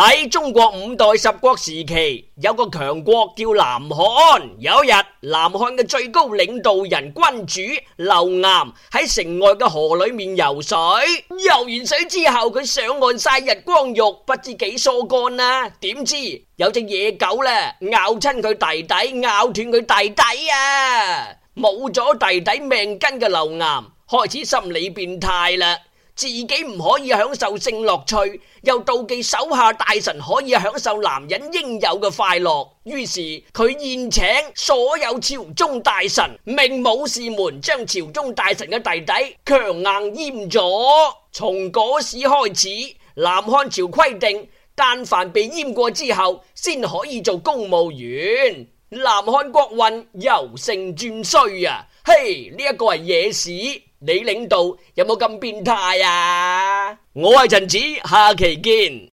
喺中國五代十國時期，有個強國叫南漢。有一日，南漢嘅最高領導人君主劉岩喺城外嘅河裏面游水，游完水之後佢上岸曬日光浴，不知幾疏干啦啊。點知有隻野狗呢咬親佢弟弟，咬斷佢弟弟啊！冇咗弟弟命根嘅劉岩開始心理變態啦。自己唔可以享受性樂趣，又妒忌手下大臣可以享受男人應有嘅快樂，於是佢宴請所有朝中大臣，命武士們將朝中大臣嘅弟弟強硬閹咗。從嗰時開始，南漢朝規定，但凡被閹過之後，先可以做公務員。南漢國運由盛轉衰啊！嘿，呢一個係野史。你領導有冇咁變態啊？我係陳子，下期見。